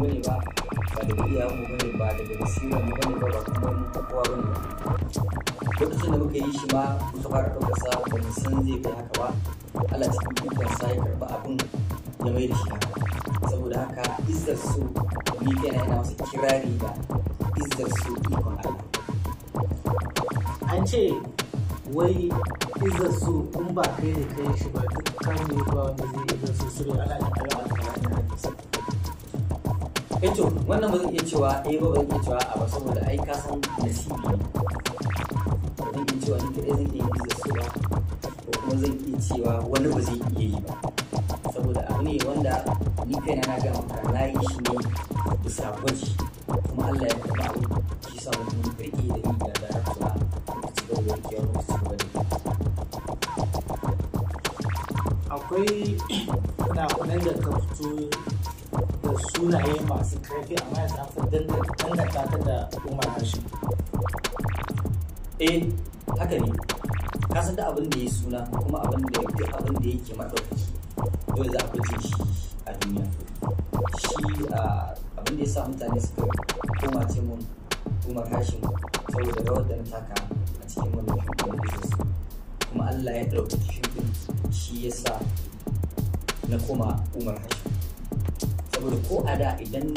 mu bane ba ba daga iyayen mu bane ba daga basirar mu ne ba ba kuma mu ba ne ba lokacin da muka yi shi ma muka fara ɗauka sa ba mu san zai kai haka ba Allah cikin dukkan sa ya karɓi abin ya mai da shi haka saboda haka izzar su ni kaina yana wasu kirari da izzar su ikon Allah an ce wai izar su in ba kai da kai shi ba duk kan ba wanda zai izar su su ne ala da ala alƙalamin hadisi eto eh wannan ba zan iya cewa eh ba zan iya cewa a ba saboda ai ka san nasibi zan iya cewa ni kadai zan iya yi da su ba ko kuma zan iya cewa wani ba zai iya yi ba saboda abu ne wanda ni kai na ga maka na yi shi ne da bisa shi kuma Allah ya karɓa abu shi sa mutum ya karɓe da yi da da kuma ci gaba da rikewa ba ci gaba da akwai kuɗaɗen da ka fito da sunaye masu karfi amma yanzu aka danganta ta da umar harshe eh haka ne ka san da abin da ya suna kuma abin da duk abin da yake maɗaukaki dole za a guje shi a duniya shi abin da ya sa mutane suka koma ce mun umar hashim saboda rawar da na taka a cikin wannan shugaban business kuma allah ya ɗauki shi ya sa na koma umar hashi saboda ko a da idan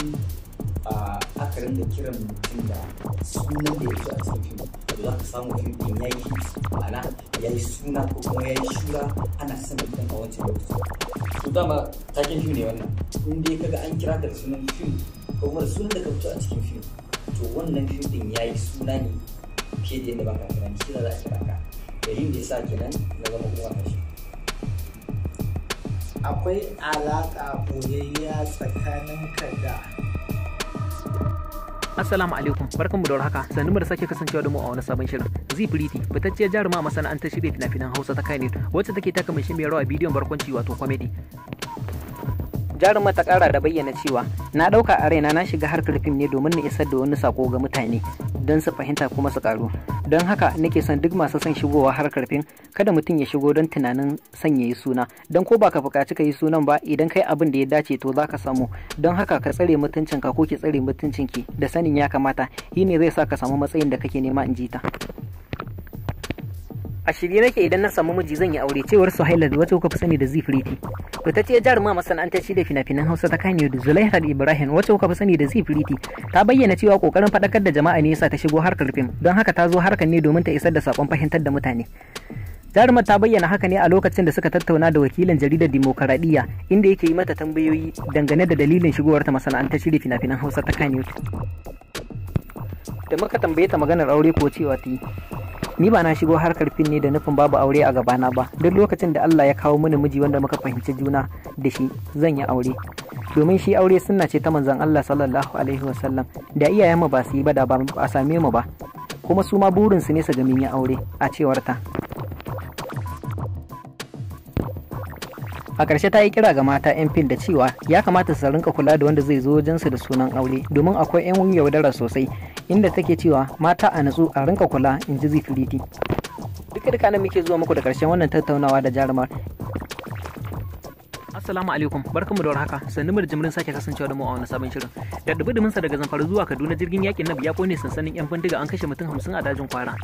aka da kiran mutum da sunan da ya a cikin fim da za ka samu fim din ya yi ma'ana ya yi suna ko kuma ya yi shura ana son mutum a wancan lokacin to dama takin fim ne wannan in dai kaga an kira ka da sunan fim ko kuma sunan da ka fito a cikin fim to wannan fim din ya yi suna ne fiye da yadda ba ka tunani shi za a kira ka da yin da ya sa kenan na zama kuma kashi akwai alaƙa boyayya ka da Assalamu alaikum barkanmu da warhaka sannu mu da sake kasancewa da mu a wani sabon shirin Zi Pretty fitacciyar jaruma a masana'antar shirya fina-finan Hausa ta Kainet wacce take taka mai rawa bidiyon barkwanci wato comedy jaruma ta kara da bayyana cewa na ɗauka a raina na shiga harkar fim ne domin na isar da wani sako ga mutane don su fahimta kuma su karu don haka nake son duk masu son shigowa harkar fim kada mutum ya shigo don tunanin son ya yi suna don ko baka bukaci ka yi sunan ba idan kai abin da ya dace to zaka samu don haka ka tsare mutuncin ka ko ki tsare mutuncin ki da sanin ya kamata yi ne zai sa ka samu matsayin da kake nema in ji ta a shirye nake idan na samu miji zan yi aure cewar Suhaila da wacce kuka fi sani da Zifriti to ta ce jaruma masana'anta shi da fina-finan Hausa ta kaniyo da Zulaiha Ibrahim wacce kuka sani da zifiriti? ta bayyana cewa kokarin fadakar da jama'a ne yasa ta shigo harkar fim don haka ta zo harkar ne domin ta isar da sakon fahimtar da mutane jarumar ta bayyana haka ne a lokacin da suka tattauna da wakilin jaridar demokaradiyya inda yake yi mata tambayoyi dangane da dalilin shigowarta shi da fina-finan hausa ta kaniyo da muka tambaye ta maganar aure ko cewa ta yi ni ba na shigo harkar fin ne da nufin babu aure a gabana ba duk lokacin da Allah ya kawo mini miji wanda muka fahimci juna da shi zan yi aure domin shi aure suna ce ta manzon Allah sallallahu alaihi wasallam da iyayen mu ba su yi ba da ba a same mu ba kuma su ma burin su ne su ga min aure a cewar ta a ƙarshe ta yi kira ga mata 'yan fin da cewa ya kamata su rinka kula da wanda zai zo wajensu da sunan aure domin akwai 'yan yaudara sosai inda take cewa mata a natsu a rinka kula in ji zifiriti duka duka na muke zuwa muku da karshen wannan tattaunawa da jarumar Assalamu alaikum barkamu da haka! sannu da jimrin sake kasancewa da mu a wani sabon shirin da dubi dumin sa daga zamfara zuwa Kaduna jirgin yakin na ya kone sansanin yan bindiga an kashe mutum 50 a dajin kwara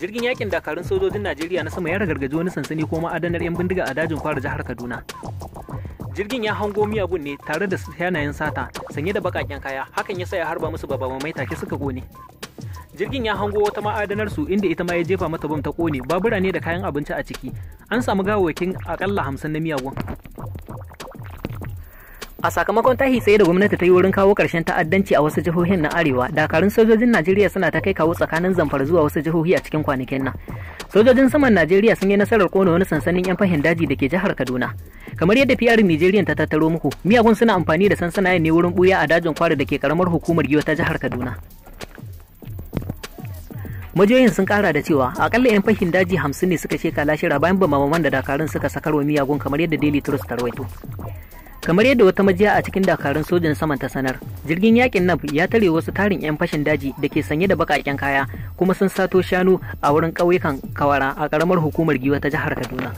jirgin yakin dakarun sojojin Najeriya na sama ya ragargaje wani sansani ko ma'adanar yan bindiga a dajin kwara jihar Kaduna jirgin ya hango miyagun ne tare da yanayin sata sanye da bakaken kaya hakan ya sa ya harba musu mai take suka gone jirgin ya hango wata ma'adanar su inda ita ma ya jefa mata bom ta kone babura ne da kayan abinci a ciki an samu gawawakin akalla hamsin na miyagun A sakamakon tahi tsaye da gwamnati ta yi wurin kawo ƙarshen ta'addanci a wasu jihohin na Arewa, dakarun sojojin Najeriya suna ta kai kawo tsakanin zamfara zuwa wasu jihohi a cikin kwanakin nan. Sojojin saman Najeriya sun yi nasarar kona wani sansanin 'yan fahin daji da ke jihar Kaduna. Kamar yadda PR nijeriya ta tattaro muku, miyagun suna amfani da sansanayen ne wurin buya a dajin kwari da ke karamar hukumar Giyo ta jihar Kaduna. majiyoyin sun kara da cewa akalla 'yan fahin daji hamsin ne suka sheka lashira bayan bamaman da dakarun suka sakarwa miyagun kamar yadda daily trust ta rawaito kamar yadda wata majiya a cikin dakarun sojan saman ta sanar jirgin yakin naf ya tare wasu tarin 'yan fashin daji da ke sanye da bakaken kaya kuma sun sato shanu a wurin ƙauyukan kawara a ƙaramar hukumar giwa ta jihar kaduna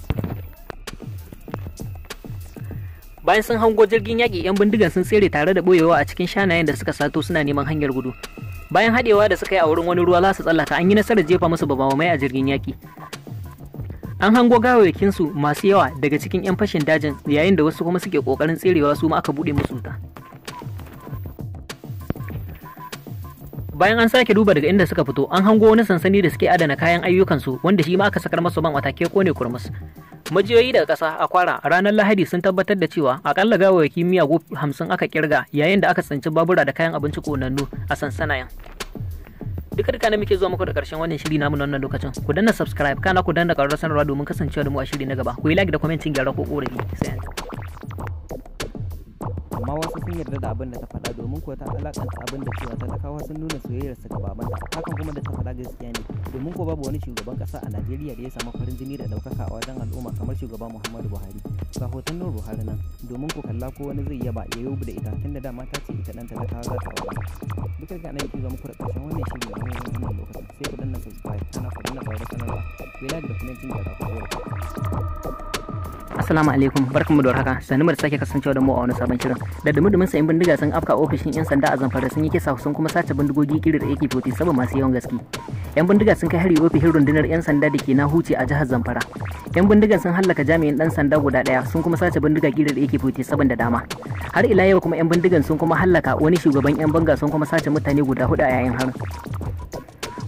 bayan sun hango jirgin yaƙi 'yan bindigan sun tsere tare da ɓoyewa a cikin shanayen da suka sato suna neman hanyar gudu bayan haɗewa da suka yi a wurin wani ruwa za su tsallaka an yi nasarar jefa musu babamai a jirgin yaƙi an hango su masu yawa daga cikin 'yan fashin dajin yayin da wasu kuma suke kokarin tserewa su ma aka bude musu wuta bayan an sake duba daga inda suka fito an hango wani sansani da suke adana kayan ayyukansu wanda shi ma aka sakar masa man atake ko ne kurmus majiyoyi daga ƙasa a kwara ranar lahadi sun tabbatar da cewa akalla gawayyaki miyagu hamsin aka kirga yayin da aka tsinci babura da kayan abinci konannu a sansanayan duka duka ne muke zuwa muku da karshen wannan shiri namu na wannan lokacin ku danna subscribe kana ku danna karar sanarwa domin kasancewa da mu a shiri na gaba ku yi like da commenting gyara ko korafi sai amma wasu sun yarda da abin da ta faɗa domin kuwa ta alakanta abin da cewa talakawa sun nuna soyayyar su ga babanta hakan kuma da ta faɗa gaskiya ne domin kuwa babu wani shugaban kasa a najeriya da ya samu farin jini da ɗaukaka a wajen al'umma kamar shugaban muhammadu buhari ga hoton nan buhari nan domin ku kalla ko wani zai yaba ya yau da ita da dama ta ce ita dan ta za ta aure duka ga nan kiza muku da ƙarshen wannan shiri da wannan lokacin sai ku danna subscribe kana ku danna da sanarwa ku yi da kuma jin da ku Assalamu alaikum barkanmu da warhaka sanin mu da sake kasancewa da mu a wani sabon shirin da dumu dumin sayin bindiga sun afka ofishin yan sanda a Zamfara sun yi kisa sun kuma sace bindigogi kirir AK47 masu yawan gaske yan bindiga sun kai hari ofishin rundunar yan sanda da ke Nahuci a jihar Zamfara yan bindigan sun hallaka jami'in dan sanda guda daya sun kuma sace bindiga kirir AK47 da dama har ila yau kuma yan bindigan sun kuma hallaka wani shugaban yan banga sun kuma sace mutane guda hudu a yayin harin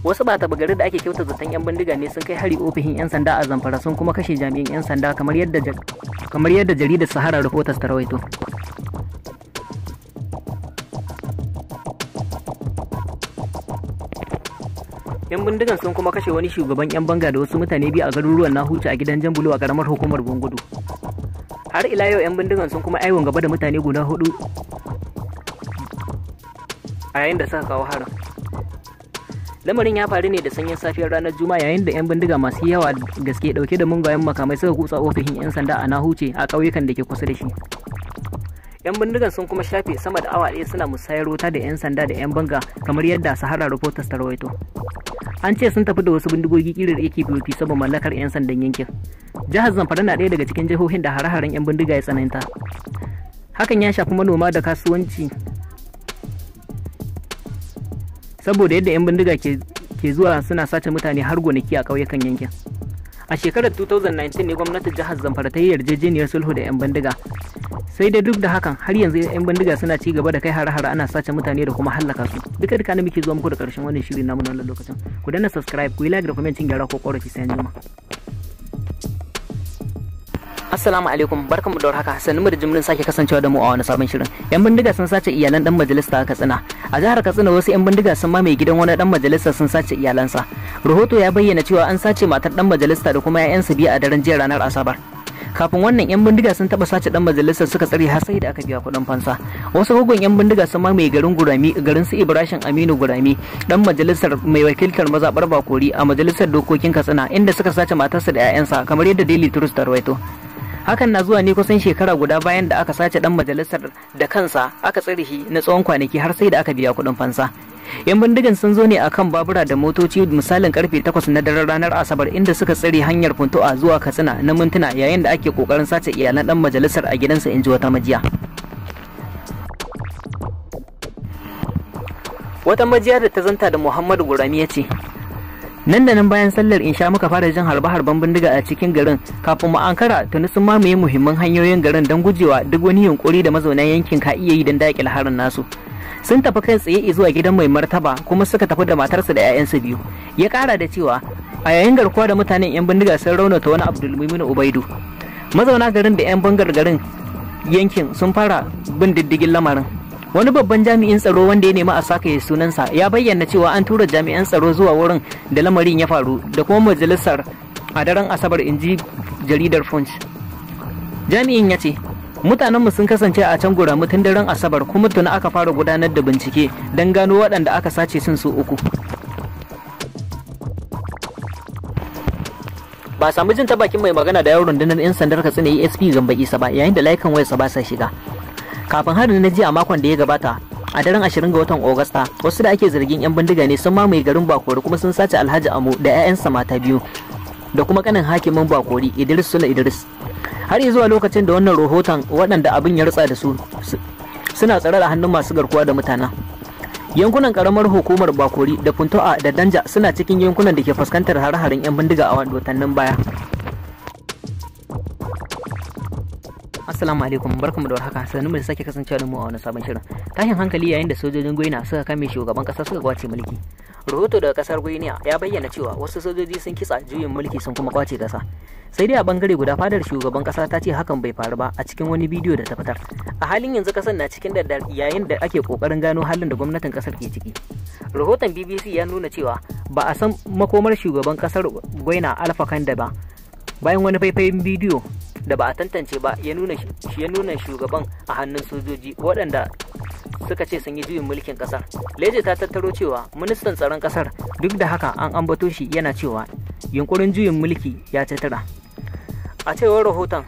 wasu ba gari da ake kyauta zaton yan bindiga ne sun kai hari ofishin yan sanda a zamfara sun kuma kashe jami'in yan sanda kamar yadda jaridar sahara reporters ta rawaito yan bindigan sun kuma kashe wani shugaban yan banga da wasu mutane biyu a garuruwan nahuci a gidan jambulu a karamar hukumar Gungudu. har ila yau yan bindigan sun kuma aiwon gaba da mutane guda hudu a yayin da suka kawo harin lamarin ya faru ne da sanyin safiyar ranar juma'a yayin da 'yan bindiga masu yawa gaske dauke da mungayen makamai suka kutsa ofishin 'yan sanda a nahuce a ƙauyukan da ke kusa da shi 'yan bindigan sun kuma shafe sama da awa ɗaya suna musayar wuta da 'yan sanda da 'yan banga kamar yadda sahara reporters ta rawaito an ce sun tafi da wasu bindigogi kirar akpop saboda mallakar 'yan sandan yankin jihar zamfara na ɗaya daga cikin jihohin da hare-haren 'yan bindiga ya tsananta hakan ya shafi manoma da kasuwanci saboda yadda 'yan bindiga ke zuwa suna sace mutane har gonaki a ƙauyukan yankin a shekarar 2019 ne gwamnatin jihar zamfara ta yi yarjejeniyar sulhu da 'yan bindiga sai dai duk da hakan har yanzu 'yan bindiga suna ci gaba da kai har hare ana sace mutane da kuma hallaka su duka duka muke zuwa muku da karshen wannan shirin namu na lokacin ku danna subscribe ku yi like da comment cin gyara ko korafi sai an jima Assalamu alaikum barkamu da warhaka sannu da jimrin sake kasancewa da mu a wani sabon shirin. Yan bindiga sun sace iyalan dan majalisa a Katsina. A jihar Katsina wasu yan bindiga sun mamaye gidan wani dan majalisa sun sace iyalansa. Rahoto ya bayyana cewa an sace matar dan majalisa da kuma 'ya'yansa biyu a daren jiya ranar Asabar. kafin wannan yan bindiga sun taba sace dan majalisar suka tsare har sai da aka biya kuɗin fansa wasu gugun yan bindiga sun mamaye garin gurami garin su ibrahim aminu gurami dan majalisar mai wakiltar mazabar bakori a majalisar dokokin katsina inda suka sace matarsa da 'ya'yansa kamar yadda daily trust ta rawaito hakan na zuwa ne kusan shekara guda bayan da aka sace dan majalisar da kansa aka tsare shi na tsawon kwanaki har sai da aka biya kuɗin fansa yan bindigan sun zo ne akan babura da motoci misalin karfe takwas na daren ranar asabar inda suka tsare hanyar funtu'a zuwa katsina na mintuna yayin da ake kokarin sace iyalan dan majalisar a gidansa in ji wata majiya wata majiya da ta zanta da muhammadu gurami ya ce nan da nan bayan sallar insha muka fara jin harbe-harben bindiga a cikin garin kafin mu ankara tuni sun mamaye muhimman hanyoyin garin don gujewa duk wani yunkuri da mazauna yankin ka iya yi don daƙil harin nasu sun tafi kai tsaye zuwa gidan mai martaba kuma suka tafi da matarsa da 'ya'yansu biyu ya ƙara da cewa a yayin garkuwa da mutanen 'yan bindiga sun raunata wani abdulmumin ubaidu mazauna garin da 'yan bangar garin yankin sun fara bin diddigin lamarin wani babban jami'in tsaro wanda ya nema a saka ya sunansa ya bayyana cewa an tura jami'an tsaro zuwa wurin da lamarin ya faru da kuma majalisar a daren asabar inji jaridar punch jami'in ya ce mutanenmu sun kasance a can gura tun daren asabar kuma tuna aka fara gudanar da bincike don gano waɗanda aka sace sun su uku ba samu jin tabakin mai magana da yawon rundunar 'yan sandar katsina esp gamba isa ba yayin da laikan wayarsa ba sa shiga kafin harin na jiya makon da ya gabata a daren 20 ga watan Agusta wasu da ake zargin 'yan bindiga ne sun mamaye garin Bakori kuma sun sace Alhaji Amu da ƴaƴansa mata biyu da kuma kanin hakimin Bakori Idris Sula Idris har zuwa lokacin da wannan rahoton waɗanda abin ya rutsa da su suna tsare da hannun masu garkuwa da mutana. yankunan karamar hukumar bakori da punto'a da danja suna cikin yankunan da ke fuskantar har harin 'yan bindiga a watannin baya Assalamu alaikum barkamu da warhaka sanin mu da sake kasancewa da mu a wani sabon shirin. Tashin hankali yayin da sojojin Guinea suka kame shugaban kasa suka kwace mulki. Rahoto daga kasar Guinea ya bayyana cewa wasu sojoji sun kitsa juyin mulki sun kuma kwace kasa. Sai dai a bangare guda fadar shugaban kasa ta ce hakan bai faru ba a cikin wani bidiyo da ta fitar. A halin yanzu kasar na cikin daddar yayin da ake kokarin gano halin da gwamnatin kasar ke ciki. Rahoton BBC ya nuna cewa ba a san makomar shugaban kasar Guinea Alpha Conde ba bayan wani faifayin bidiyo da ba a tantance ba ya nuna shugaban a hannun sojoji waɗanda suka ce sun yi juyin mulkin ƙasar. leje ta tattaro cewa ministan tsaron ƙasar, duk da haka an ambato shi yana cewa yunkurin juyin mulki ya tattara a cewar rahoton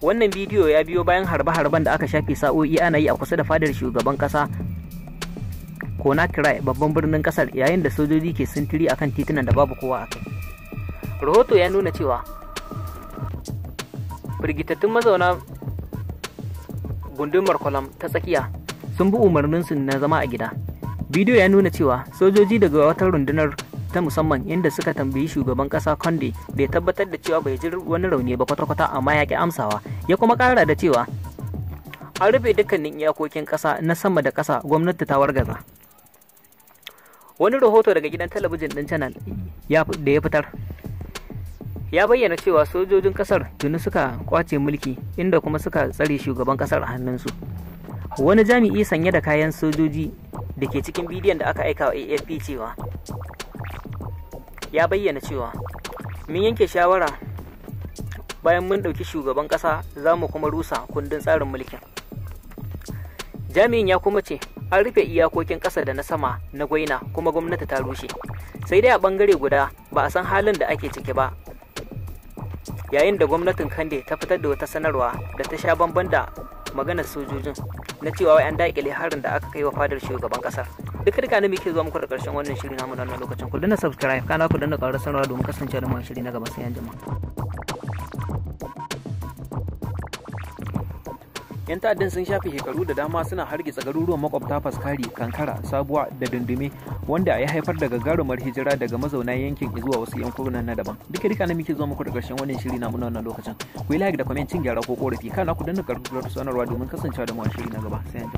wannan bidiyo ya biyo bayan harbe-harben da aka shafe sa'o'i ana yi a kusa da fadar shugaban kasa Conakry babban birnin ƙasar yayin da sojoji ke sintiri akan titunan da babu kowa a kai. Rahoto ya nuna cewa firgitattun mazauna gundumar kwalam ta tsakiya sun bi umarninsu na zama a gida bidiyo ya nuna cewa sojoji daga wata rundunar ta musamman inda suka tambayi shugaban kasa conde bai tabbatar da cewa bai ji wani rauni ba kwata-kwata amma ya ki amsawa ya kuma kara da cewa an rufe dukkanin iyakokin kasa na sama da kasa gwamnati ta wargaza wani rahoto daga gidan talabijin din channel da ya fitar ya bayyana cewa sojojin kasar tuni suka kwace mulki inda kuma suka tsare shugaban kasar a hannunsu wani jami'i sanye da kayan sojoji da ke cikin bidiyon da aka aika wa afp cewa ya bayyana cewa mun yanke shawara bayan mun ɗauki shugaban ƙasa za mu kuma rusa kundin tsarin mulkin jami'in ya kuma ce an rufe iyakokin ƙasa da na sama na gwaina kuma gwamnati ta rushe sai dai a ɓangare guda ba a san halin da ake ciki ba yayin da gwamnatin kande ta fitar da wata sanarwa da ta sha bamban da maganar sojojin na cewa wayan an dakile harin da aka kai wa fadar shugaban kasar duk da ne muke zuwa muku da karshen wannan shiri na na wannan lokacin ku dinna subscribe kana ku dinna ƙaura sanarwa domin kasance da mun shiri na gaba sai an jima 'yan ta'addan sun shafe shekaru da dama suna hargitsa garuruwan makwabta faskari kankara sabuwa da dundume wanda ya haifar da gagarumar hijira daga mazauna yankin zuwa wasu yankunan na daban duka duka na muke zuwa muku da ƙarshen wannan shiri na wannan lokacin ku yi like da comment cin gyara ko korafi kana ku danna karfafa sanarwa domin kasancewa da mu a shiri na gaba sai an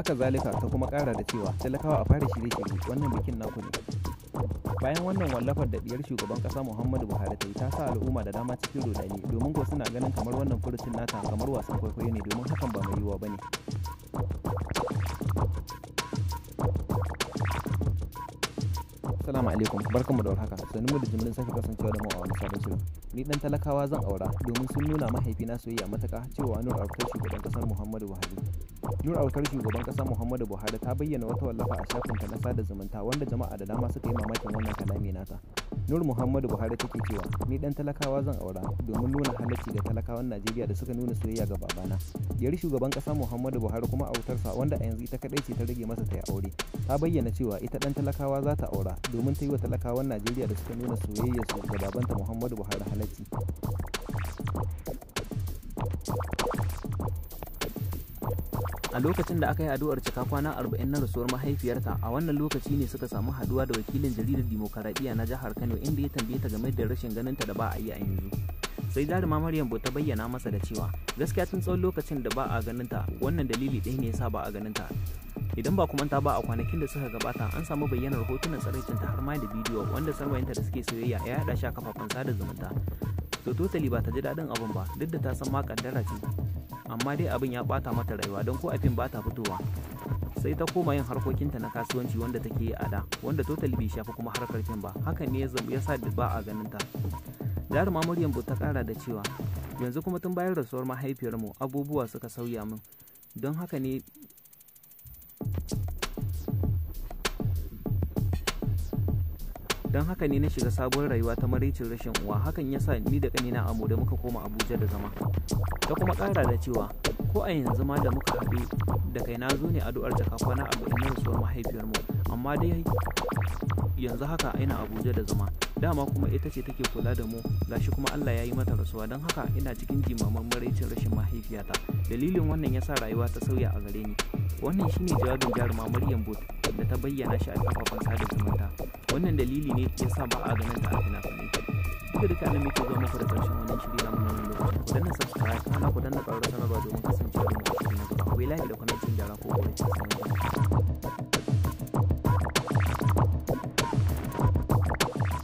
haka zalika ta kuma kara da cewa talakawa a fara shirye-shirye wannan bikin naku ne bayan wannan wallafar da biyar shugaban kasa muhammadu buhari ta yi ta sa al'umma da dama cikin rudani domin ko suna ganin kamar wannan furucin nata kamar wasan kwaikwayo ne domin hakan ba mai yiwuwa ba ne Assalamu alaikum da warhaka sanin mu da jimirin sake kasancewa da mu a wani sabon shirin ni dan talakawa zan aura domin sun nuna mahaifina soyayya mataka cewa Anwar Abubakar shugaban kasar Muhammadu Buhari Nur Autar shugaban kasa Muhammadu Buhari ta bayyana wata wallafa a shafinta na sada zumunta wanda jama'a da dama suka yi mamakin wannan kalami nata. Nur Muhammadu Buhari take cewa ni dan talakawa zan aura domin nuna halacci ga talakawan Najeriya da suka nuna soyayya ga babana. Yari shugaban kasa Muhammadu Buhari kuma autarsa wanda a yanzu ita kadai ce ta rage masa ta aure. Ta bayyana cewa ita dan talakawa za ta aura domin ta yi wa talakawan Najeriya da suka nuna soyayya su ga babanta Muhammadu Buhari halacci. a lokacin da aka yi addu'ar cika kwana 40 na rasuwar mahaifiyarta a wannan lokaci ne suka samu haduwa da wakilin jaridar dimokuraɗiyya na jihar kano inda ya tambaye ta game da rashin ganinta da ba a yi a yanzu sai jaruma maryam ta bayyana masa da cewa gaskiya tun tsawon lokacin da ba a ganinta wannan dalili ɗaya ne yasa ba a ganinta idan ba kuma ta ba a kwanakin da suka gabata an samu bayyanar hotunan tsaraicinta har ma da bidiyo wanda sarwayinta da suke soyayya ya haɗa shi a kafafen sada zumunta to totally ba ta ji daɗin abin ba duk da ta san ma kaddara ce amma dai abin ya bata mata rayuwa don ko afin ba ta fitowa sai ta koma yin harkokinta na kasuwanci wanda take yi a da wanda totali bai shafi kuma harkar fim ba hakan ne ya sa ba a ganin ta jaruma maryam ta kara da cewa yanzu kuma tun bayan rasuwar mahaifiyarmu abubuwa suka sauya min don haka ne don haka ne na shiga sabon rayuwa ta maraicin rashin uwa hakan ya sa ni da kanina amo da muka koma abuja da zama ta kuma kara da cewa ko a yanzu ma da muka haɗu da kai na zo ne addu'ar jaka kwana arba'in na rasuwar mahaifiyarmu amma dai yanzu haka ina abuja da zama dama kuma ita ce take kula da mu gashi kuma allah ya yi mata rasuwa don haka ina cikin jimaman maraicin rashin mahaifiyata dalilin wannan ya sa rayuwa ta sauya a gare ni wannan shine jawabin jaruma maryam bot da ta bayyana shi a kafafen sada zumunta wannan dalili ne ya sa ba a ganin ta a fina-finai duka duka nan muke zuwa muku da karshen wannan shiri na mun nan lokacin ku danna subscribe kana ku danna ƙarar sanarwa domin kasance da mu a cikin gaba ku yi like da cin jara ko kuma cin cikin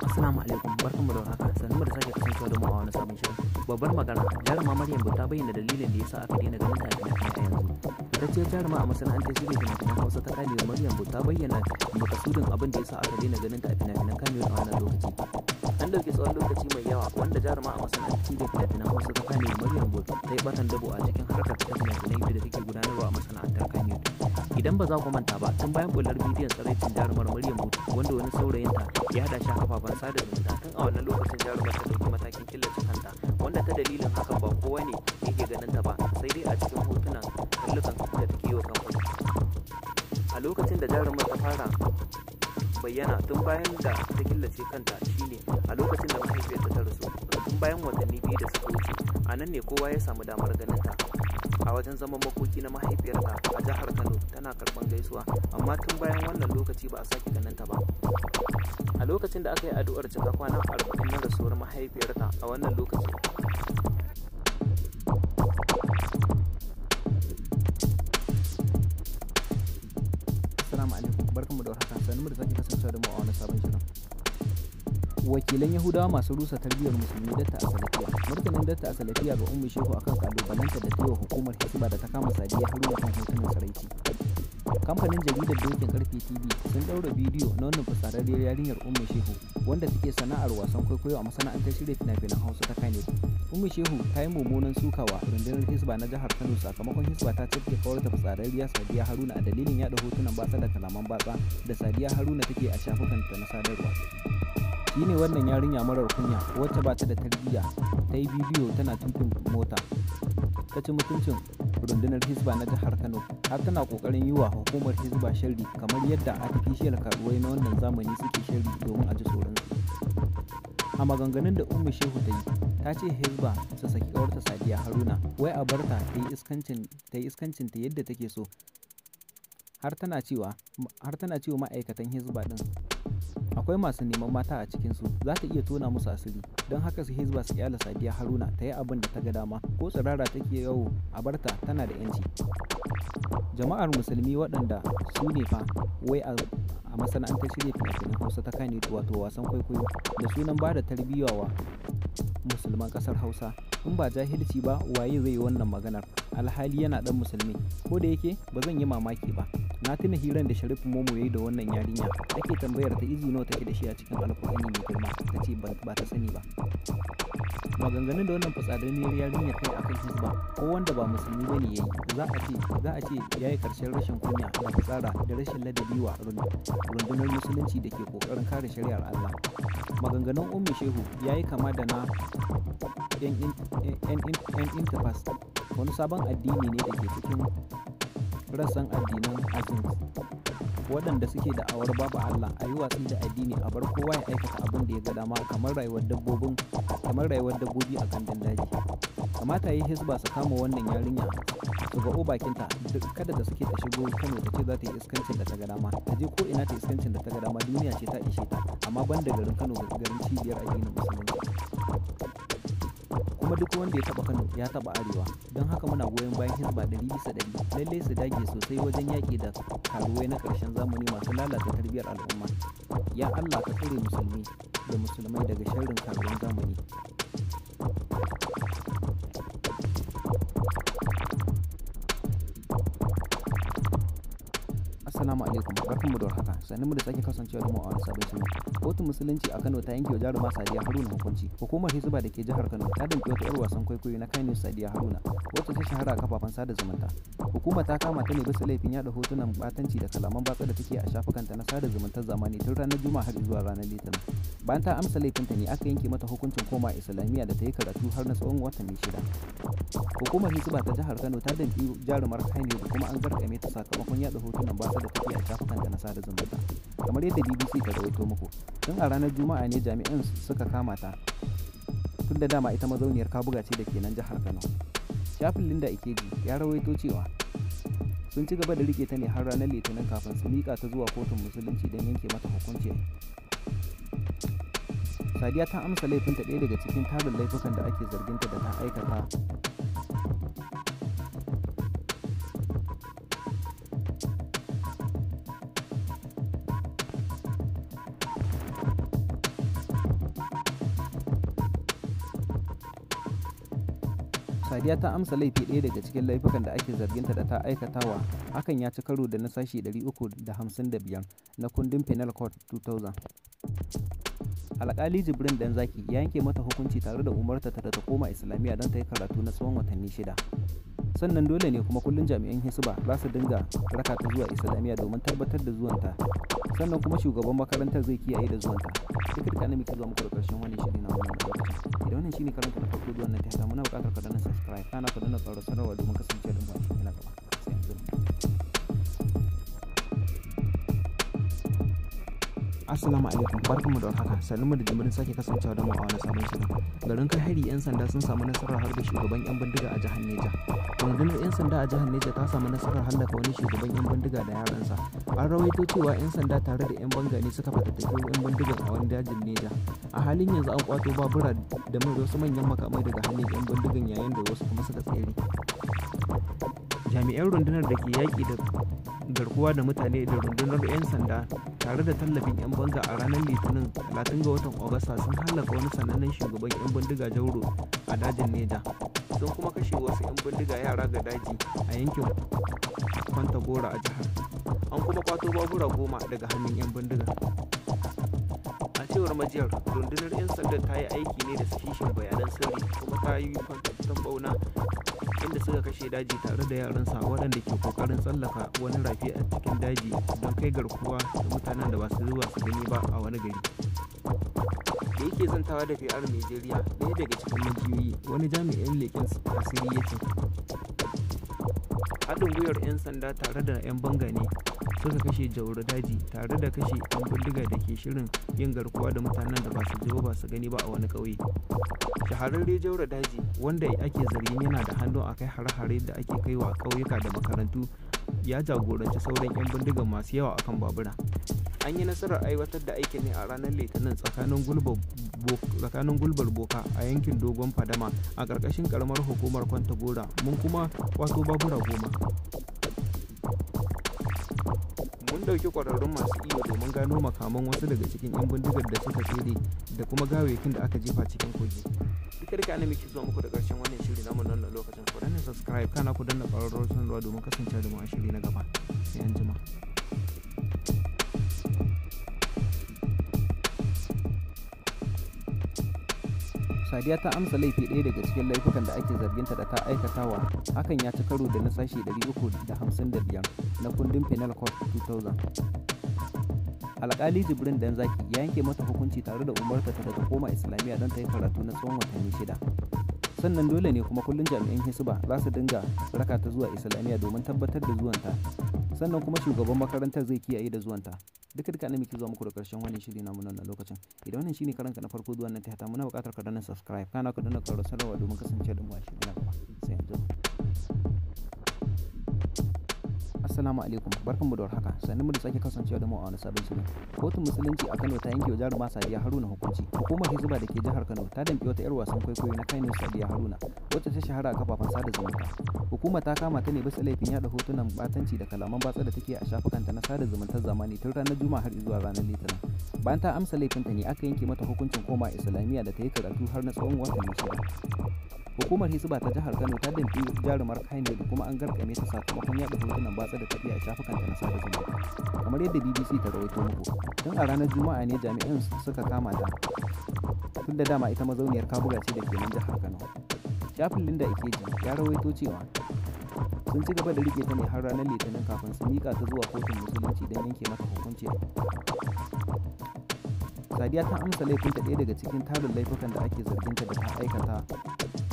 Assalamu alaikum barkanmu da warhaka sannu da sake kasancewa da mu a wani sabon shiri babbar magana jaruma Maryam ta bayyana dalilin da yasa aka daina ganin ta a fina-finai yanzu ta jaruma a masana'antar shirya fina-finan hausa ta kanewa maryam ta bayyana makasudin abin da ya sa aka daina ganin ta a fina-finan kanewa a wannan lokaci an ɗauki tsawon lokaci mai yawa wanda jaruma a masana'antar shirya fina-finan hausa ta kanewa maryam bu ta yi batan dabo a cikin harkar ta fina-finai da take gudanarwa a masana'antar kanewa idan ba za ku manta ba tun bayan bular bidiyon tsaraicin jarumar maryam bu wanda wani saurayinta ya hada shi a kafafen sada zumunta tun a wannan lokacin jarumar ta dauki matakin killace kanta wanda ta dalilin hakan ba kowa ne yake ganin ta ba sai dai a cikin da jarumar ta fara bayyana tun bayan da ta killace kanta shine a lokacin da mahaifiyarta ta rasu tun bayan watanni biyu da suka wuce a nan ne kowa ya samu damar ganin ta a wajen zaman makoki na mahaifiyarta a jihar kano tana karban gaisuwa amma tun bayan wannan lokaci ba a sake ganin ta ba a lokacin da aka yi addu'ar cika kwana arba'in na rasuwar mahaifiyarta a wannan lokaci wakilan yahudawa masu rusa tarbiyyar musulmi datta a salafiya martanin datta a salafiya ga ummu shehu akan kalubalanta da taiwa hukumar hisba da ta kama sadiya haruna kan hotunan saraici kamfanin jaridar dokin karfe tv sun daura bidiyo na wannan fasararriyar yarinyar ummi shehu wanda take sana'ar wasan kwaikwayo a masana'antar shirya fina-finan hausa ta kane ummu shehu ta yi mummunan wa rundunar hisba na jihar kano sakamakon hisba ta cike kawar ta fasararriya sadiya haruna a dalilin yada hotunan batsa da kalaman batsa da sadiya haruna take a shafukanta na sadarwa ne wannan yarinya marar kunya wacce ba ta da tarbiyya ta yi bidiyo tana tukin mota ta ci mutuncin rundunar hisba na jihar kano har tana kokarin yi wa hukumar hisba sharri kamar yadda artificial karuwai na wannan zamani suke sharri domin a ji tsoron a maganganun da umar shehu ta yi ta ce hisba su saki kawarta sadiya haruna wai a barta ta yi iskancin ta iskancin ta yadda take so har tana cewa har tana cewa ma'aikatan hisba din akwai masu neman mata a cikinsu za ta iya tona musu asiri don haka su hizba su kyala sadiya haruna ta yi abin da ta ga dama ko tsirara take yawo a barta tana da yanci jama'ar musulmi waɗanda su ne fa wai a masana'antar shirya fina-finan hausa ta kane wato wasan kwaikwayo da sunan ba da musulman ƙasar hausa in ba jahilci ba waye zai yi wannan maganar alhali yana dan musulmi ko da yake ba zan yi mamaki ba na tuna hiran da sharif momo yayi da wannan yarinya ake tambayar ta izu nawa take da shi a cikin alƙur'ani mai girma ta ce ba ta sani ba maganganun da wannan fitsadaniyar yarinya kai akan hizba ko wanda ba musulmi ba ne yayi za a ce za a ce yayi karshen rashin kunya da tsara da rashin ladabi wa rundunar musulunci da ke kokarin kare shari'ar Allah maganganun ummi shehu yayi kama da na yan intifas wani sabon addini ne da ke cikin rassan addinan ajin waɗanda suke da awar babu Allah a yi watsi da addini a bar kowa ya aikata abin da ya ga dama kamar rayuwar dabbobin kamar rayuwar dabbobi a kan daji kamata yi hisba su kama wannan yarinya su ga bakinta duk kada da suke da shigo kano ta ce za ta yi iskancin da ta ga dama ta je ko ina ta iskancin da ta ga dama duniya ce ta ishe ta amma ban da garin kano garin cibiyar addinin musulunci kuma duk wanda ya taba kano ya taba arewa don haka muna goyon bayan hizba ɗari bisa ɗari lallai su dage sosai wajen yaƙi da karuwai na ƙarshen zamani masu lalata tarbiyyar al'umma ya allah ka tsare musulmi da musulmai daga sharrin karuwan zamani Assalamu alaikum mu da warhaka sannan mu da sake kasancewa da mu a sabon shirin kotun musulunci a Kano ta yanke wa jaruma Sadiya Haruna hukunci hukumar Hizba da ke jihar Kano ta dinki wata 'yar wasan kwaikwayo na Kano Sadiya Haruna wacce ta shahara a kafafen sada zumunta hukuma ta kama ta ne bisa laifin yada hotunan batanci da kalaman batsa da take a shafukanta na sada zumuntar zamani tun ranar Juma'a har zuwa ranar Litinin bayan ta amsa laifinta ne aka yanke mata hukuncin koma islamiyya da ta yi karatu har na tsawon watanni shida hukumar hisba ta jihar Kano ta danki jarumar Kano da kuma an zargame ta sakamakon yada hotunan batsa a shafukan na sada zumunta kamar yadda bbc ta rawaito muku tun a ranar juma'a ne jami'an suka kama ta tun da dama ita mazauniyar kabuga ce da ke nan jihar kano shafin linda ikeji ya rawaito cewa sun ci gaba da rike ta ne har ranar litinin kafin su miƙa ta zuwa kotun musulunci don yanke mata hukunci sadiya ta amsa laifinta ɗaya daga cikin tarin laifukan da ake zarginta da ta aikata Sadiya ta amsa laifi ɗaya daga cikin laifukan da ake zarginta da ta aikatawa, hakan ya ci karo da na sashi 355 na kundin Penal Court 2000. Alƙali Jibrin zaki ya yanke mata hukunci tare da umarta ta da ta koma Islamiyya don ta yi karatu na tsawon watanni shida. sannan dole ne kuma kullum jami'an hisba za su dinga raka ta zuwa islamiyya domin tabbatar da zuwanta sannan kuma shugaban makarantar zai kiyaye da zuwanta duka duka miki zuwa muku da karshen shi shiri na wannan lokaci idan wannan shine karanta na farko zuwa nan ta muna bukatar ka danna subscribe kana ka danna tsaro sanarwa domin kasance da mu a cikin gaba Assalamu alaikum mu da haka sannu da jimirin sake kasancewa da mu a wani sabon shirin. Garin kai hari 'yan sanda sun samu nasarar har da shugaban 'yan bindiga a jihar Neja. Rundunar 'yan sanda a jihar Neja ta samu nasarar da wani shugaban 'yan bindiga da yaransa. An rawaito cewa 'yan sanda tare da 'yan banga ne suka tafi 'yan bindiga a wani dajin Neja. A halin yanzu an kwato babura da mai wasu manyan makamai daga hannun 'yan bindigan yayin da wasu kuma suka tsere. jami'an rundunar da ke yaƙi da garkuwa da mutane da rundunar 'yan sanda tare da tallafin 'yan banga a ranar litinin 30 ga watan agusta sun halaka wani sanannen shugaban 'yan bindiga jauro a dajin neja sun kuma kashe wasu 'yan bindiga yara ga daji a yankin kwantagora a jihar an kuma kwato babura goma daga hannun 'yan bindiga a cewar majiyar rundunar 'yan sanda ta yi aiki ne da sashen bayanan sirri kuma ta yi kwantattan bauna inda suka kashe daji tare da yaransa waɗanda ke kokarin tsallaka wani rafi a cikin daji don kai garkuwa da mutanen da ba su zuwa su gani ba a wani gari da yake zantawa da PR Nigeria ɗaya daga cikin majiyoyi wani jami'in leƙen asiri ya ce haɗin gwiwar 'yan sanda tare da 'yan banga ne suka kashe jauro daji tare da kashe 'yan bindiga da ke shirin yin garkuwa da mutanen da ba su ji ba su gani ba a wani ƙauye shahararre jauro daji wanda ake zargin yana da hannu a kai hare-hare da ake kai wa ƙauyuka da makarantu ya jagoranci sauran 'yan bindiga masu yawa akan babura an yi nasarar aiwatar da aikin ne a ranar litinin tsakanin gulbar boka a yankin dogon fadama a ƙarƙashin ƙaramar hukumar kwantagora mun kuma kwato babura goma mun ɗauki ƙwararrun masu iya domin gano makaman wasu daga cikin 'yan bindigar da suka tsere da kuma gawayakin da aka jefa cikin kogi duk da ana miki zuwa muku da ƙarshen wannan shiri namu nan lokacin ku dan subscribe kana ku danna ƙwararrawar sanarwa domin kasance da mu a shiri na gaba sai an jima Sadiya ta amsa laifi ɗaya daga cikin laifukan da ake zarginta da ta aikatawa hakan ya ci karo da na sashi 355 na kundin Penal Code 2000. alkali Jibrin zaki ya yanke mata hukunci tare da umarta ta daga koma Islamiyya don ta yi karatu na tsawon watanni shida. Sannan dole ne kuma kullum jami'an Hisba za su dinga raka ta zuwa Islamiyya domin tabbatar da zuwanta. Sannan kuma shugaban makarantar zai kiyaye da zuwanta. duka duka ne muke zuwa muku da karshen wannan shiri namu nan lokacin idan wannan shine karanka na farko zuwa nan ta muna buƙatar ka danna subscribe kana ka danna karo sanarwa domin kasance da mu a shirin na gaba sai yanzu Assalamu alaikum barkanmu da warhaka sannu mu da sake kasancewa da mu a wani sabon shirin kotun musulunci a Kano ta yanke wa jaruma Sadiya Haruna hukunci hukumar Hizba da ke jihar Kano ta damfi wata yar wasan kwaikwayo na Kano Sadiya Haruna wacce ta shahara a kafafen sada zumunta hukuma ta kama ta ne bisa laifin yada hotunan batanci da kalaman batsa da take a shafukanta na sada zumuntar zamani tun ranar Juma'a har zuwa ranar Litinin bayan ta amsa laifinta ne aka yanke mata hukuncin koma Islamiyya da ta yi karatu har na tsawon watanni shida hukumar hisba ta jihar kano ta danfi jarumar kaine da kuma an garkame ta sakamakon yaɗa hotunan batsa da tafiya a shafukan ta na sada zumunta kamar yadda bbc ta rawaito muku tun a ranar juma'a ne jami'an suka kama ta tun da dama ita mazauniyar kabuga ce da ke nan jihar kano shafin linda ikeji ya rawaito cewa sun ci gaba da rike ta ne har ranar litinin kafin su mika ta zuwa kotun musulunci don yanke mata hukunci sadiya ta amsa laifinta ɗaya daga cikin tarin laifukan da ake ta da ta aikata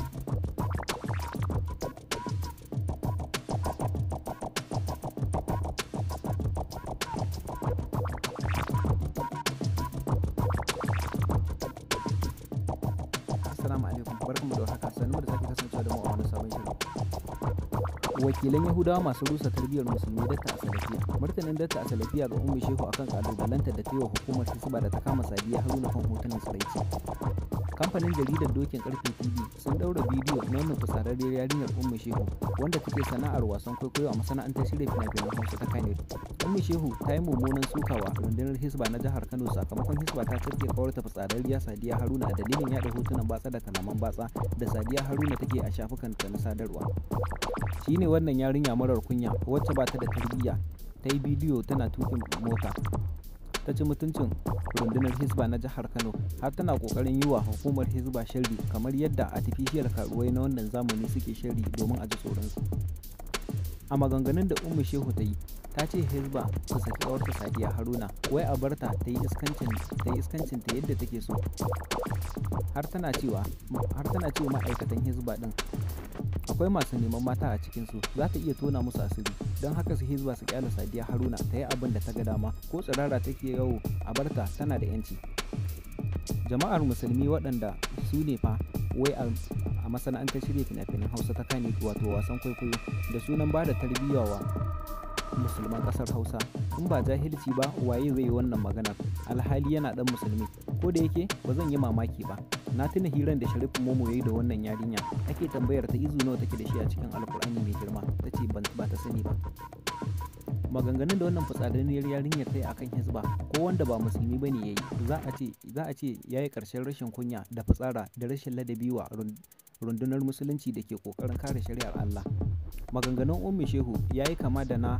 wakilan yahudawa masu rusa tarbiyyar musulmi datta a salafiya martanin datta a salafiya ga ummu shehu akan kalubalanta da ta yi wa hukumar hisba da ta kama sadiya haruna kan hotunan tsaraici kamfanin jaridar dokin karfe tv sun daura bidiyo na nukusararriyar yarinyar ummu shehu wanda take sana'ar wasan kwaikwayo a masana'antar shirya fina-finan hausa ta kane ummu shehu ta yi mummunan sukawa rundunar hisba na jihar kano sakamakon hisba ta cirke kawar ta fitsararriya sadiya haruna a dalilin yada hotunan batsa da kalaman batsa da sadiya haruna take a shafukan ta na sadarwa shi ne wannan yarinya marar kunya wacce ba ta da tarbiyya ta yi bidiyo tana tukin mota ta ci mutuncin rundunar hisba na jihar kano har tana kokarin yi wa hukumar hisba sharri kamar yadda artificial karuwai na wannan zamani suke sharri domin a ji tsoronsu a maganganun da ummu shehu ta yi ta ce hezba ta saki tsawarta sadiya haruna wai a barta ta yi iskancin ta yi iskancin ta yadda take so har tana cewa ma'aikatan hezba din akwai masu neman mata a cikinsu za ta iya tona musu asiri don haka su hezba su kyala sadiya haruna ta yi abin da ta ga dama ko tsirara take yawo a barta tana da yanci jama'ar musulmi waɗanda su ne fa wai a masana'antar shirya fina-finan hausa ta kane wato wasan kwaikwayo da sunan ba da tarbiyyawa musulman kasar hausa in ba jahilci ba waye zai yi wannan maganar alhali yana dan musulmi ko da yake ba zan yi mamaki ba na tuna hiran da sharif momo ya yi da wannan yarinya ake tambayar ta izu nawa take da shi a cikin alkur'ani mai girma ta ce ba ta sani ba maganganun da wannan fitsadaniyar yarinyar ta yi akan hisba ko wanda ba musulmi ba yayi za a ce za a ce ya yi karshen rashin kunya da fitsara da rashin ladabi wa rundunar musulunci da ke kokarin kare shari'ar Allah Maganganun Ummi Shehu ya yi kama da na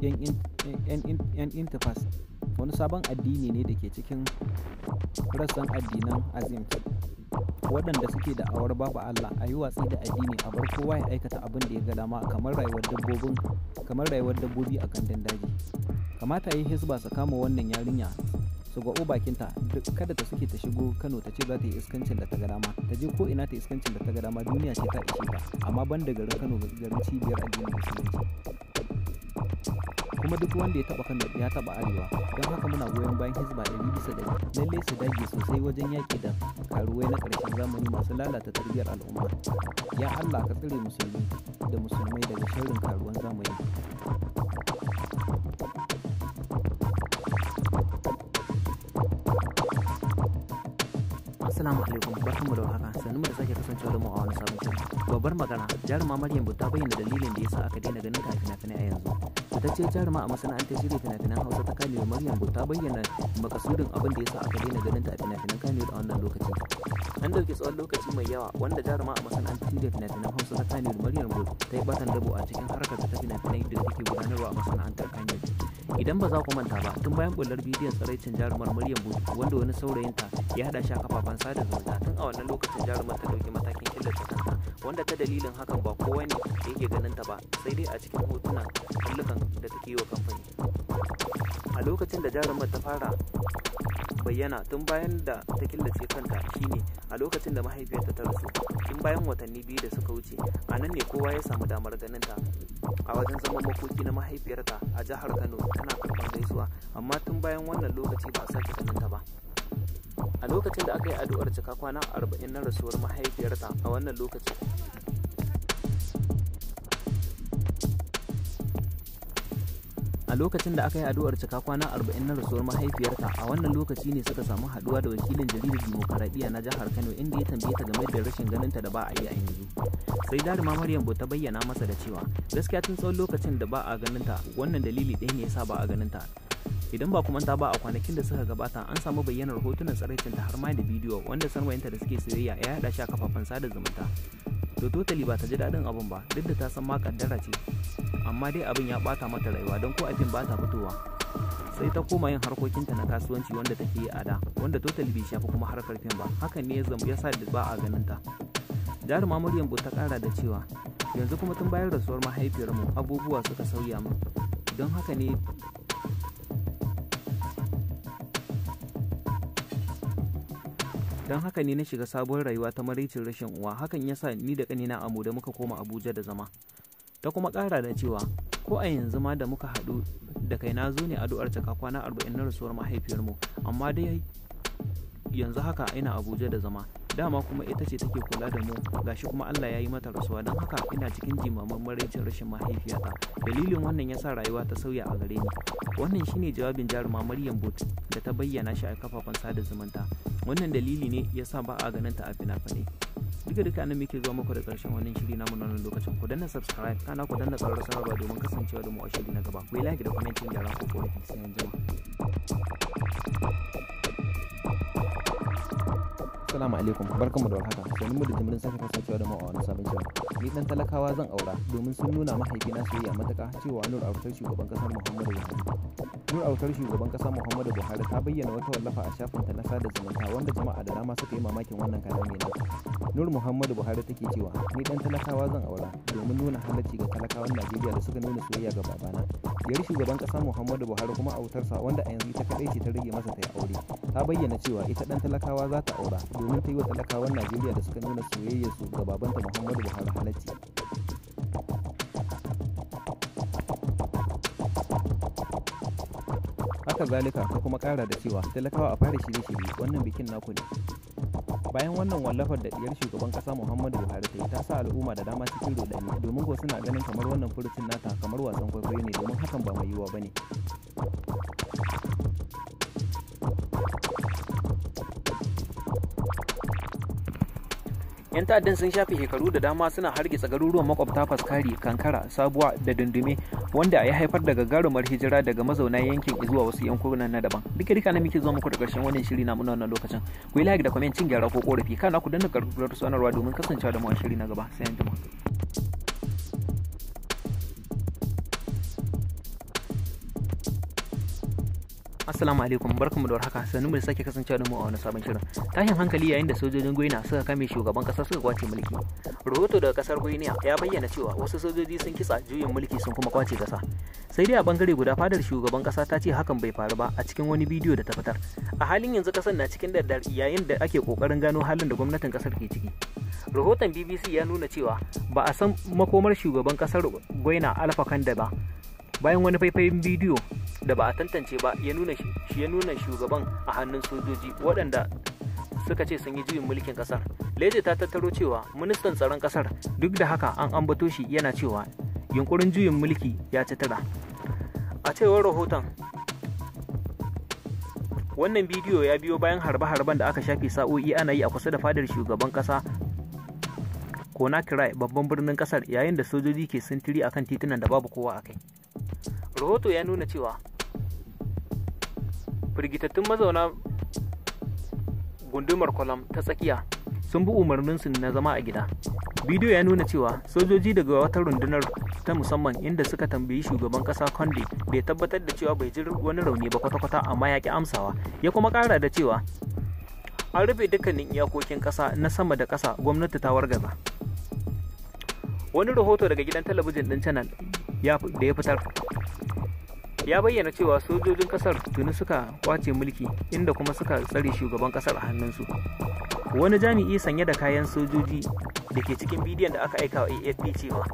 'yan Intifas, wani sabon addini ne da ke cikin rassan addinan Azim waɗanda suke da awar babu Allah a yi watsi da addini a bar kowa ya aikata abin da ya ga dama kamar rayuwar dabbobin kamar rayuwar dabbobi a gandun daji kamata yi hisba su kama wannan yarinya su bakin ta duk kada ta suke ta shigo kano ta ce za ta yi iskancin da ta ga dama ta je ko ina ta iskancin da ta ga dama duniya ce ta ishe ta amma ban da garin kano ga garin cibiyar addinin musulunci kuma duk wanda ya taba kano ya taba arewa don haka muna goyon bayan hizba ɗari bisa ɗari lallai su dage sosai wajen yaƙi da karuwai na ƙarshen zamani masu lalata tarbiyar al'umma ya allah ka tsire musulmi da musulmai daga sharrin karuwan zamani Assalamu alaikum barkanmu da warhaka sannu mu da sake kasancewa da mu a wani sabon babbar magana jaruma Maryam ta bayyana dalilin da yasa aka daina ganin a fina a yanzu ce jaruma a masana'antar shirya fina-finan Hausa ta Kano Maryam ta bayyana makasudin abin da yasa aka daina ganin ta a fina-finan Kano a wannan lokaci an dauki tsawon lokaci mai yawa wanda jaruma a masana'antar shirya fina-finan Hausa ta Kano Maryam ta yi batan dabo a cikin harkar ta fina-finai da take gudanarwa a masana'antar Kano idan ba za ku manta ba tun bayan bullar bidiyon tsaraicin jarumar maryam bu wanda wani saurayinta ya haɗa shi a kafafen sada zumunta tun a wannan lokacin jarumar ta dauki matakin illata kanta wanda ta dalilin hakan ba kowa ne yake ganin ta ba sai dai a cikin hotuna kallukan da take yi wa kamfani a lokacin da jarumar ta fara bayyana tun bayan da ta killace kanta shine a lokacin da mahaifiyarta ta rasu tun bayan watanni biyu da suka wuce a nan ne kowa ya samu damar ganin ta a wajen zaman makoki na mahaifiyarta a jihar kano tana karɓar gaisuwa amma tun bayan wannan lokaci ba a sake ganin ta ba a lokacin da aka yi addu'ar cika kwana 40 na rasuwar mahaifiyarta a wannan lokacin a lokacin da aka yi addu'ar cika kwana 40 na rasuwar mahaifiyarta a wannan lokaci ne suka samu haduwa da wakilin jaridar dimokuraɗiyya na jihar kano inda ya tambaye ta game da rashin ganinta da ba a yi a yanzu sai ma maryam ta bayyana masa da cewa gaskiya tun tsawon lokacin da ba a ganinta wannan dalili ɗaya ne ya sa ba a ganinta idan ba kuma ba a kwanakin da suka gabata an samu bayyanar hotunan ta har ma da bidiyo wanda sanwayinta da suke soyayya ya yada shi a kafafen sada zumunta to totally ba ta ji daɗin abin ba duk da ta san ma kaddara ce amma dai abin ya bata mata rayuwa don ko abin ba ta fitowa sai ta koma yin harkokinta na kasuwanci wanda take yi a da wanda totally bai shafi kuma harkar fim ba hakan ne ya sa da ba a ganin ta jaruma ta kara da cewa yanzu kuma tun bayan rasuwar mahaifiyarmu abubuwa suka sauya mu don haka ne don haka ne na shiga sabuwar rayuwa ta maraicin rashin uwa hakan ya sa ni da kanina amu da muka koma abuja da zama ta kuma kara da cewa ko a yanzu ma da muka haɗu da kai na zo ne addu'ar caka kwana arba'in na rasuwar mahaifiyarmu amma dai yanzu haka ina abuja da zama dama kuma ita ce take kula da mu gashi kuma Allah ya yi mata rasuwa don haka ina cikin jimamin maraicin rashin mahaifiyata dalilin wannan ya sa rayuwa ta sauya a gare ni wannan shine jawabin jaruma Maryam Bot da ta bayyana shi a kafafen sada zumunta wannan dalili ne ya sa ba a ganin ta a fina-finai duka duka nan muke zuwa muku da karshen wannan shiri na munanan lokacin ku danna subscribe kana ku danna sanarwa domin kasancewa da mu shiri na gaba ku yi like da kwamentin gyara ko korafi sai an Assalamu alaikum barkanmu da warhaka sanin mu da jimirin sake kasancewa da ma'a wani sabon shirin ni dan talakawa zan aura domin sun nuna mahaifina soyayya mataka cewa Nur autar shugaban kasar Muhammadu Buhari Nur autar shugaban kasar Muhammadu Buhari ta bayyana wata wallafa a shafin ta na sada zumunta wanda jama'a da dama suka yi mamakin wannan kalami na Nur Muhammadu Buhari take cewa ni dan talakawa zan aura domin nuna halacci ga talakawan Najeriya da suka nuna soyayya ga babana yar shugaban kasa muhammadu buhari kuma autarsa wanda a yanzu ta kadai ce ta rage masa ta yi aure ta bayyana cewa ita dan talakawa za ta aura domin ta yi wa talakawan najeriya da suka nuna soyayya su ga babanta muhammadu buhari halacci haka zalika ta kuma kara da cewa talakawa a fara shirye-shirye wannan bikin naku ne bayan wannan wallafar da diyar shugaban kasa muhammadu buhari ta yi ta sa al'umma da dama cikin rudani domin ko suna ganin kamar wannan furucin nata kamar wasan kwaikwayo ne domin hakan ba mai yiwuwa bane yan ta'addan sun shafe shekaru da dama suna hargitsa garuruwan makwabta faskari kankara sabuwa da dundume wanda ya haifar da gagarumar hijira daga mazauna yankin zuwa wasu yankunan na daban duka duka na muke zo muku da karshen wannan shiri na muna wannan lokacin ku yi like da comment cin gyara ko korafi kana ku danna karfafa sanarwa domin kasancewa da mu a shiri na gaba sai an Assalamu alaikum barkamu da warhaka sanin mu da sake kasancewa da mu a wani sabon shirin. Tashin hankali yayin da sojojin Guinea suka kame shugaban kasa suka kwace mulki. Rohoto daga kasar Guinea ya bayyana cewa wasu sojoji sun kitsa juyin mulki sun kuma kwace kasa. Sai dai a bangare guda fadar shugaban kasa ta ce hakan bai faru ba a cikin wani bidiyo da ta fitar. A halin yanzu kasar na cikin daddar yayin da ake kokarin gano halin da gwamnatin kasar ke ciki. Rahoton BBC ya nuna cewa ba a san makomar shugaban kasar Guinea Alpha Conde ba bayan wani faifayin bidiyo da ba a tantance ba ya nuna shi ya nuna shugaban a hannun sojoji waɗanda suka ce sun yi juyin mulkin kasar leje ta tattaro cewa ministan tsaron kasar duk da haka an ambato shi yana cewa yunkurin juyin mulki ya ci tara a cewar rahoton wannan bidiyo ya biyo bayan harbe-harben da aka shafe sa'o'i ana yi a kusa da fadar shugaban kasa Conakry babban birnin kasar yayin da sojoji ke sintiri akan titunan da babu kowa a kai. Rahoto ya nuna cewa firgitattun mazauna gundumar kwalam ta tsakiya sun bi umarninsu na zama a gida bidiyo ya nuna cewa sojoji daga wata rundunar ta musamman inda suka tambayi shugaban kasa conde bai tabbatar da cewa bai ji wani rauni ba kwata-kwata amma ya ki amsawa ya kuma kara da cewa an rufe dukkanin iyakokin kasa na sama da kasa gwamnati ta wargaza wani rahoto daga gidan talabijin din channel da ya fitar ya bayyana cewa sojojin kasar tuni suka kwace mulki inda kuma suka tsare shugaban kasar a hannunsu wani jami'i sanye da kayan sojoji da ke cikin bidiyon da aka aika wa afp cewa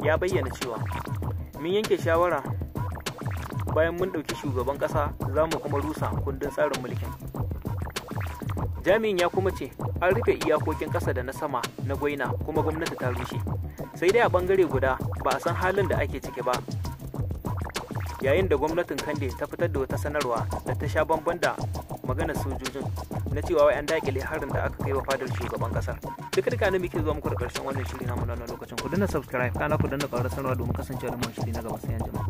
ya bayyana cewa mun yanke shawara bayan mun ɗauki shugaban ƙasa za mu kuma rusa kundin tsarin mulkin jami'in ya kuma ce an rufe iyakokin ƙasa da na sama na gwaina kuma gwamnati ta rushe sai dai a ɓangare guda ba a san halin da ake ciki ba yayin da gwamnatin kande ta fitar da wata sanarwa da ta sha bamban da maganar sojojin na cewa wa 'yan dakile harin da aka kai wa fadar shugaban kasar duk duka ne muke zuwa muku da karshen wannan shiri na munana lokacin ku dana subscribe kana ku dana ƙarar sanarwa domin kasancewa da mu shiri na gaba sai an jima